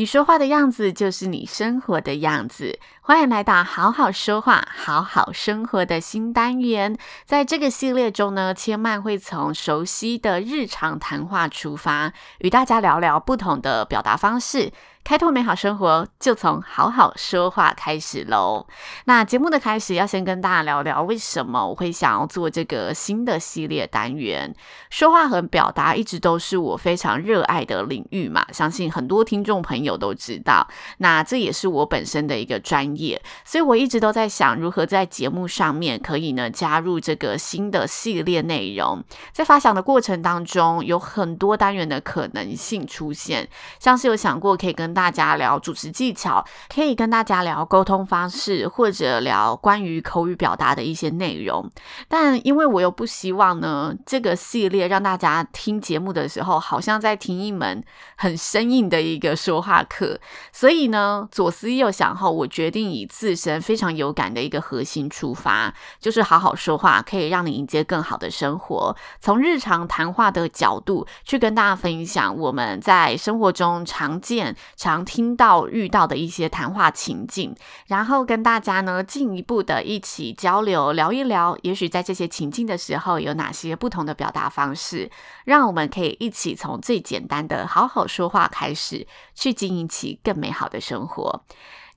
你說話的樣子，就是你生活的樣子。歡迎來到好好說話、好好生活的新單元。在這個系列中呢，千嫚會從熟悉的日常談話出發，與大家聊聊不同的表達方式。開拓美好生活，就從好好說話開始嘍。那節目的開始要先跟大家聊聊，為什麼我會想要做這個新的系列單元？說話和表達一直都是我非常熱愛的領域嘛，相信很多聽眾朋友都知道。那這也是我本身的一個專業，所以我一直都在想如何在節目上面可以呢，加入這個新的系列內容。在發想的過程當中，有很多單元的可能性出現，像是有想過可以跟跟大家聊主持技巧，可以跟大家聊溝通方式，或者聊關於口語表達的一些內容。但因為我又不希望呢，這個系列讓大家聽節目的時候，好像在聽一門很生硬的一個說話課。所以呢，左思右想後，我決定以自身非常有感的一個核心出發，就是好好說話，可以讓你迎接更好的生活。從日常談話的角度去跟大家分享我們在生活中常見。常聽到遇到的一些談話情境，然後跟大家呢進一步的一起交流聊一聊，也許在這些情境的時候有哪些不同的表達方式，讓我們可以一起從最簡單的好好說話開始，去經營起更美好的生活。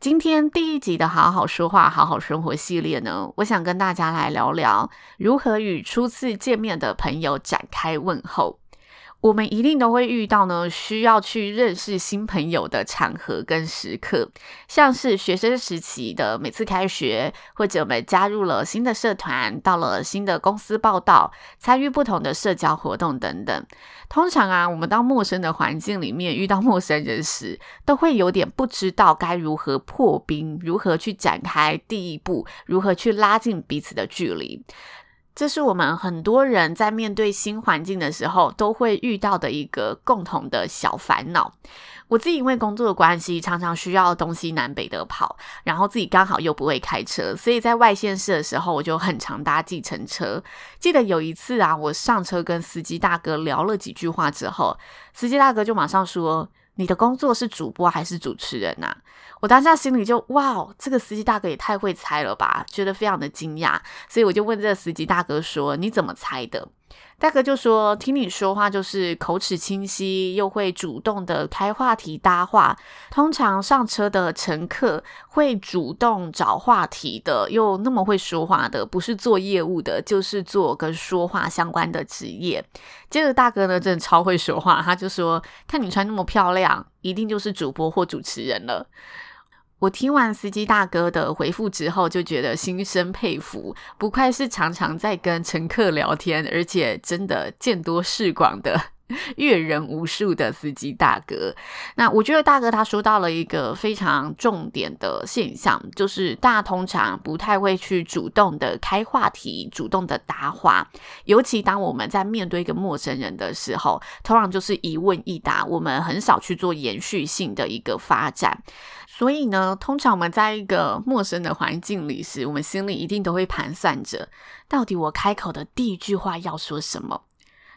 今天第一集的好好說話、好好生活系列呢，我想跟大家來聊聊如何與初次見面的朋友展開問候。我們一定都會遇到呢，需要去認識新朋友的場合跟時刻，像是學生時期的每次開學，或者我們加入了新的社團，到了新的公司報到，參與不同的社交活動等等。通常啊，我們到陌生的環境裡面遇到陌生人時，都會有點不知道該如何破冰，如何去展開第一步，如何去拉近彼此的距離。這是我們很多人在面對新環境的時候都會遇到的一個共同的小煩惱。我自己因為工作的關係，常常需要東西南北的跑，然後自己剛好又不會開車，所以在外縣市的時候，我就很常搭計程車。記得有一次啊，我上車跟司機大哥聊了幾句話之後，司機大哥就馬上說：“你的工作是主播還是主持人啊？”我當下心裡就哇，這個司機大哥也太會猜了吧，覺得非常的驚訝，所以我就問這個司機大哥說：“你怎麼猜的？”大哥就說：“聽你說話就是口齒清晰，又會主動的開話題搭話。通常上車的乘客會主動找話題的，又那麼會說話的，不是做業務的，就是做跟說話相關的職業。”接着大哥呢真的超會說話，他就說：“看你穿那麼漂亮，一定就是主播或主持人了。”我聽完司機大哥的回覆之後，就覺得心生佩服。不愧是常常在跟乘客聊天，而且真的見多識廣的。閱 人無數的司機大哥，那我覺得大哥他說到了一個非常重點的現象，就是大家通常不太會去主動的開話題，主動的搭話，尤其當我們在面對一個陌生人的時候，通常就是一問一答，我們很少去做延續性的一個發展。所以呢，通常我們在一個陌生的環境裡時，我們心裡一定都會盤算着，到底我開口的第一句話要說什麼。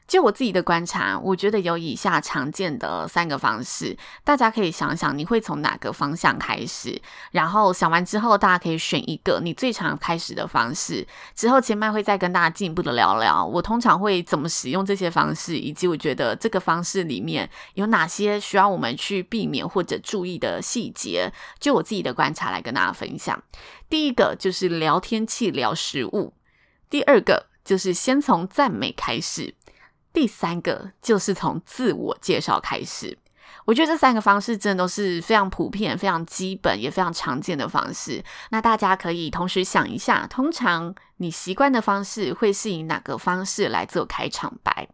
就我自己的觀察，我覺得有以下常見的三個方式，大家可以想想你會從哪個方向開始，然後想完之後，大家可以選一個你最常開始的方式。之後千嫚會再跟大家進一步的聊聊，我通常會怎麼使用這些方式，以及我覺得這個方式裡面有哪些需要我們去避免或者注意的細節。就我自己的觀察，來跟大家分享，第一個就是聊天氣、聊食物，第二個就是先從讚美開始。第三個就是從自我介紹開始，我覺得這三個方式真的都是非常普遍、非常基本，也非常常見的方式。那大家可以同時想一下，通常你習慣的方式會是以哪個方式來做開場白？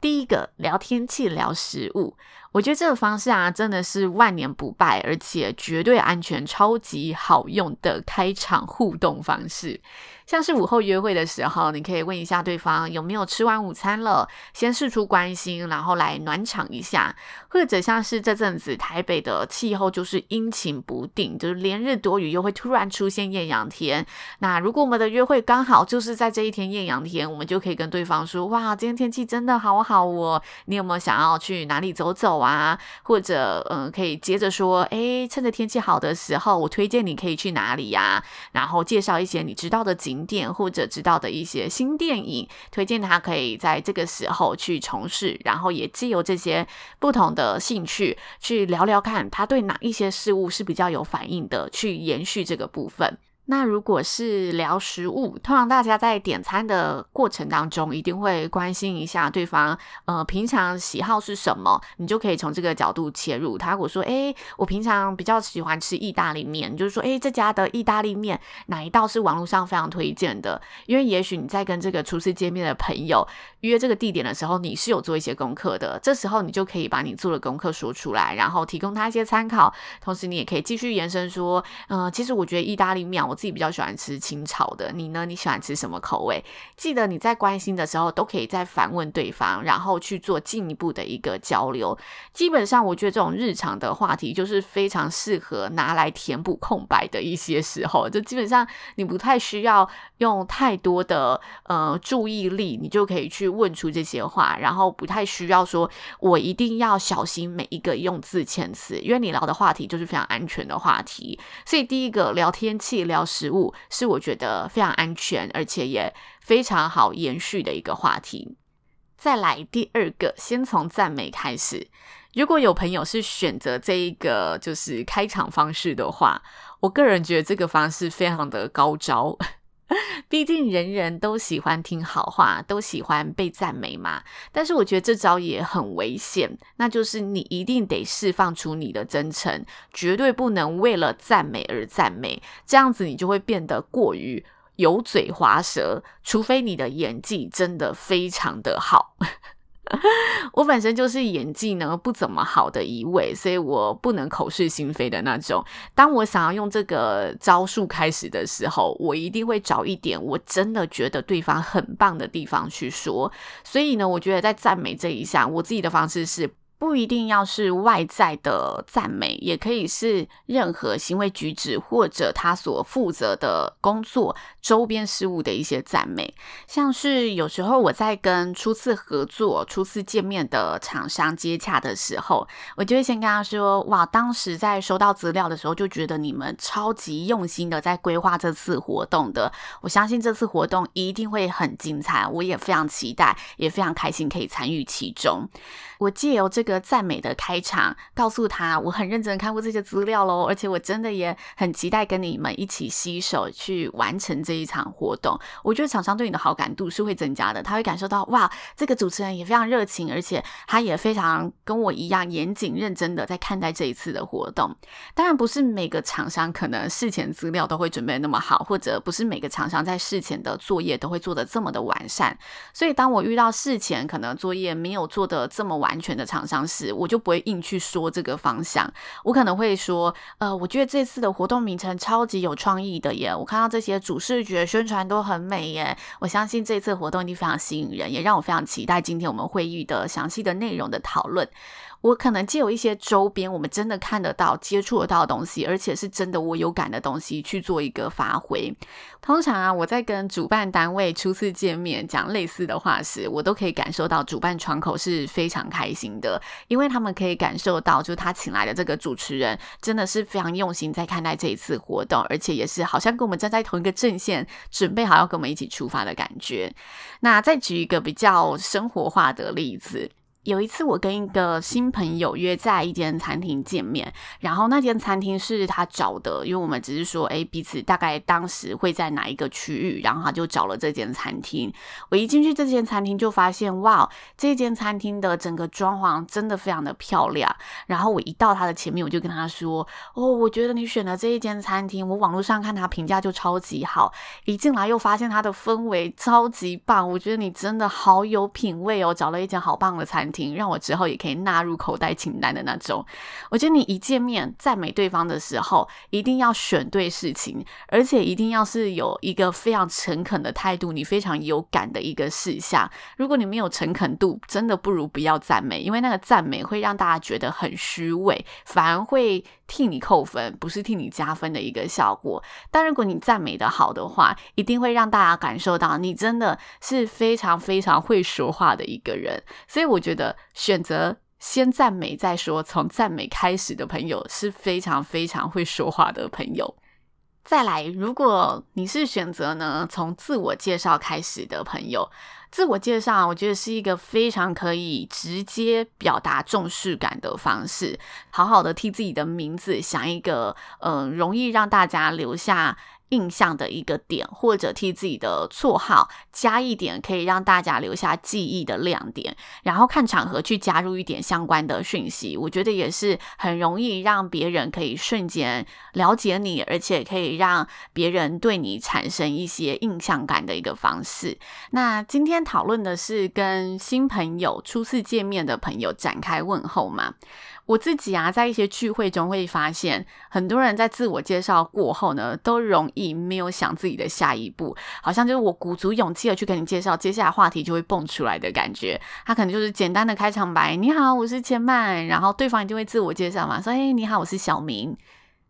第一個聊天氣，聊食物。我覺得這個方式啊，真的是萬年不敗，而且絕對安全、超級好用的開場互動方式。像是午後約會的時候，你可以問一下對方有沒有吃完午餐了，先釋出關心，然後來暖場一下。或者像是這陣子台北的氣候就是陰晴不定，就是連日多雨，又會突然出現艷陽天。那如果我們的約會剛好就是在這一天艷陽天，我們就可以跟對方說：哇，今天天氣真的好好哦，你有沒有想要去哪裡走走啊？啊，或者嗯，可以接着說，誒、欸，趁着天氣好的時候，我推薦你可以去哪裡呀、啊？然後介紹一些你知道的景點，或者知道的一些新電影，推薦他可以在這個時候去從事，然後也借由這些不同的興趣去聊聊看，他對哪一些事物是比較有反應的，去延續這個部分。那如果是聊食物，通常大家在點餐的過程當中，一定會關心一下對方，呃，平常喜好是什麼，你就可以從這個角度切入。他如果說，哎、欸，我平常比較喜歡吃意大利麵，你就是說，哎、欸，這家的意大利麵哪一道是網絡上非常推薦的？因為也許你在跟這個初次見面的朋友約這個地點的時候，你是有做一些功課的。這時候你就可以把你做的功課說出來，然後提供他一些參考，同時你也可以繼續延伸說，呃，其實我覺得意大利麵。自己比較喜歡吃清炒的，你呢？你喜歡吃什麼口味？記得你在關心的時候，都可以再反問對方，然後去做進一步的一個交流。基本上，我覺得這種日常的話題就是非常適合拿來填補空白的一些時候。就基本上，你不太需要用太多的呃注意力，你就可以去問出這些話，然後不太需要說我一定要小心每一個用字遣詞，因為你聊的話題就是非常安全的話題。所以，第一個聊天氣聊。食物是我覺得非常安全，而且也非常好延續的一個話題。再來第二個，先從讚美開始。如果有朋友是選擇這一個就是開場方式的話，我個人覺得這個方式非常的高招。畢竟人人都喜歡聽好話，都喜歡被讚美嘛。但是我覺得這招也很危險，那就是你一定得釋放出你的真誠，絕對不能為了讚美而讚美，這樣子你就會變得過於油嘴滑舌，除非你的演技真的非常的好。 我本身就是演技呢不怎麼好的一位，所以我不能口是心非的那種。當我想要用這個招數開始的時候，我一定會找一點我真的覺得對方很棒的地方去說。所以呢，我覺得在讚美這一項，我自己的方式是。不一定要是外在的讚美，也可以是任何行為舉止或者他所負責的工作周邊事物的一些讚美。像是有時候我在跟初次合作、初次見面的廠商接洽的時候，我就會先跟他說：“哇，當時在收到資料的時候，就覺得你們超級用心的在規劃這次活動的，我相信這次活動一定會很精彩，我也非常期待，也非常開心可以參與其中。”我借由這個讚美的開場，告訴他我很認真看過這些資料嘍，而且我真的也很期待跟你們一起攜手去完成這一場活動。我覺得廠商對你的好感度是會增加的，他會感受到哇，這個主持人也非常熱情，而且他也非常跟我一樣嚴謹認真的在看待這一次的活動。當然不是每個廠商可能事前資料都會準備那麼好，或者不是每個廠商在事前的作業都會做得這麼的完善。所以當我遇到事前可能作業沒有做得這麼完善，安全的廠商是，我就不會硬去說這個方向，我可能會說，呃，我覺得這次的活動名稱超級有創意的耶，我看到這些主視覺宣傳都很美耶，我相信這次活動一定非常吸引人，也讓我非常期待今天我們會議的詳細的內容的討論。我可能藉由一些周邊，我們真的看得到、接觸得到的東西，而且是真的我有感的東西去做一個發揮。通常啊，我在跟主辦單位初次見面講類似的話時，我都可以感受到主辦窗口是非常開心的，因為他們可以感受到，就他請來的這個主持人真的是非常用心在看待這一次活動，而且也是好像跟我們站在同一個陣線，準備好要跟我們一起出發的感覺。那再舉一個比較生活化的例子。有一次，我跟一個新朋友約在一間餐廳見面，然後那間餐廳是他找的，因為我們只是說，哎，彼此大概當時會在哪一個區域，然後他就找了這間餐廳。我一進去這間餐廳，就發現，哇，這間餐廳的整個裝潢真的非常的漂亮。然後我一到他的前面，我就跟他說，哦，我覺得你選的這一間餐廳，我網絡上看他評價就超級好，一進來又發現他的氛圍超級棒，我覺得你真的好有品味哦，找了一間好棒的餐廳。讓我之後也可以納入口袋清單的那種。我覺得你一見面讚美對方的時候，一定要選對事情，而且一定要是有一個非常誠懇的態度，你非常有感的一個事項。如果你沒有誠懇度，真的不如不要讚美，因為那個讚美會讓大家覺得很虛偽，反而會。替你扣分，不是替你加分的一個效果。但如果你讚美得好的話，一定會讓大家感受到你真的是非常非常會說話的一個人。所以我覺得，選擇先讚美再說，從讚美開始的朋友，是非常非常會說話的朋友。再來，如果你是選擇呢，從自我介紹開始的朋友，自我介紹，我覺得是一個非常可以直接表達重視感的方式。好好的替自己的名字想一個，嗯、呃，容易讓大家留下。印象的一個點，或者替自己的綽號加一點可以讓大家留下記憶的亮點，然後看場合去加入一點相關的訊息，我覺得也是很容易讓別人可以瞬間了解你，而且可以讓別人對你產生一些印象感的一個方式。那今天討論的是跟新朋友初次見面的朋友展開問候嘛。我自己啊，在一些聚會中會發現，很多人在自我介紹過後呢，都容易沒有想自己的下一步，好像就是我鼓足勇氣的去跟你介紹，接下來話題就會蹦出來的感覺。他可能就是簡單的開場白：“你好，我是千嫚。”然後對方一定會自我介紹嘛，說：“誒，你好，我是小明。”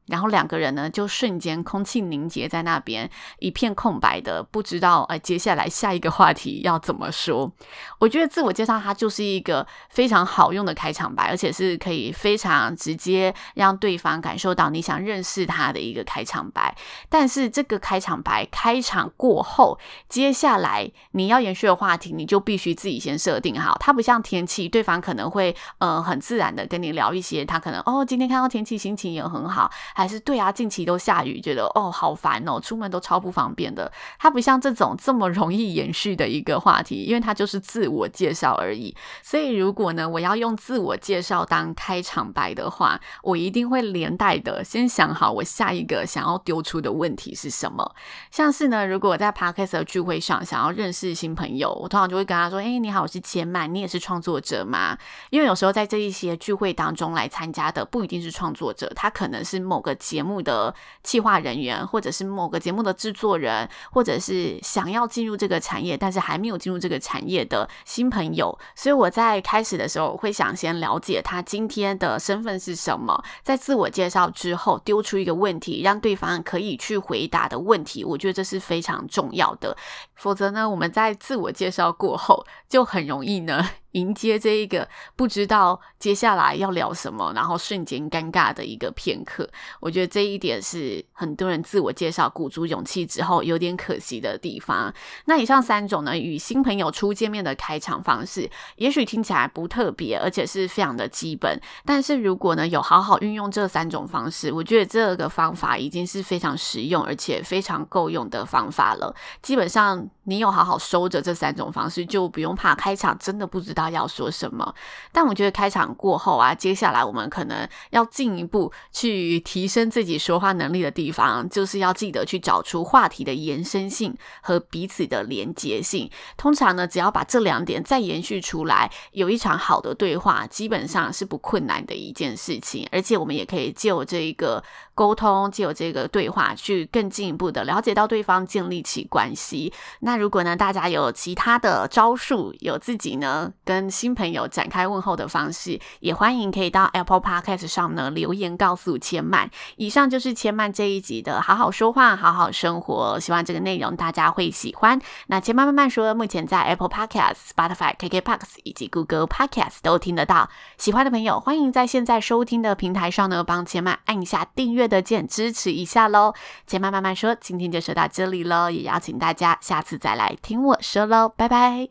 然後兩個人呢，就瞬間空氣凝結在那邊，一片空白的，不知道哎、呃，接下來下一個話題要怎麼說？我覺得自我介紹它就是一個非常好用的開場白，而且是可以非常直接讓對方感受到你想認識他的一個開場白。但是這個開場白開場過後，接下來你要延續的話題，你就必須自己先設定好。它不像天氣，對方可能會呃很自然的跟你聊一些，他可能哦今天看到天氣心情也很好。還是對啊，近期都下雨，覺得哦好煩哦，出門都超不方便的。它不像這種這麼容易延續的一個話題，因為它就是自我介紹而已。所以如果呢，我要用自我介紹當開場白的話，我一定會連帶的先想好我下一個想要丟出的問題是什麼。像是呢，如果我在 Podcast 的聚會上想要認識新朋友，我通常就會跟他說：“哎、欸，你好，我是千嫚，你也是創作者嗎？”因為有時候在這一些聚會當中來參加的不一定是創作者，他可能是某。個節目的企劃人員，或者是某個節目的製作人，或者是想要進入這個產業，但是還沒有進入這個產業的新朋友，所以我在開始的時候，我會想先了解他今天的身份是什麼。在自我介紹之後，丟出一個問題，讓對方可以去回答的問題，我覺得這是非常重要的。否則呢，我們在自我介紹過後就很容易呢。迎接這一個不知道接下來要聊什麼，然後瞬間尷尬的一個片刻，我覺得這一點是很多人自我介紹鼓足勇氣之後有點可惜的地方。那以上三種呢，與新朋友初見面的開場方式，也許聽起來不特別，而且是非常的基本。但是如果呢，有好好運用這三種方式，我覺得這個方法已經是非常實用而且非常夠用的方法了。基本上，你有好好收着這三種方式，就不用怕開場真的不知道要說什麼。但我覺得開場過後啊，接下來我們可能要進一步去提升自己說話能力的地方，就是要記得去找出話題的延伸性和彼此的連結性。通常呢，只要把這兩點再延續出來，有一場好的對話，基本上是不困難的一件事情。而且我們也可以借我這一個。溝通，借由這個對話去更進一步的了解到對方，建立起關係。那如果呢，大家有其他的招數，有自己呢跟新朋友展開問候的方式，也歡迎可以到 Apple Podcast 上呢留言告訴千嫚。以上就是千嫚這一集的好好說話，好好生活。希望這個內容大家會喜歡。那千嫚嫚嫚說，目前在 Apple Podcast、Spotify、KKBox 以及 Google Podcast 都聽得到。喜歡的朋友，歡迎在現在收聽的平台上呢幫千嫚按一下訂閱。的見支持一下嘍，千嫚嫚嫚說，今天就說到這裡嘍，也邀請大家下次再來聽我說嘍，拜拜。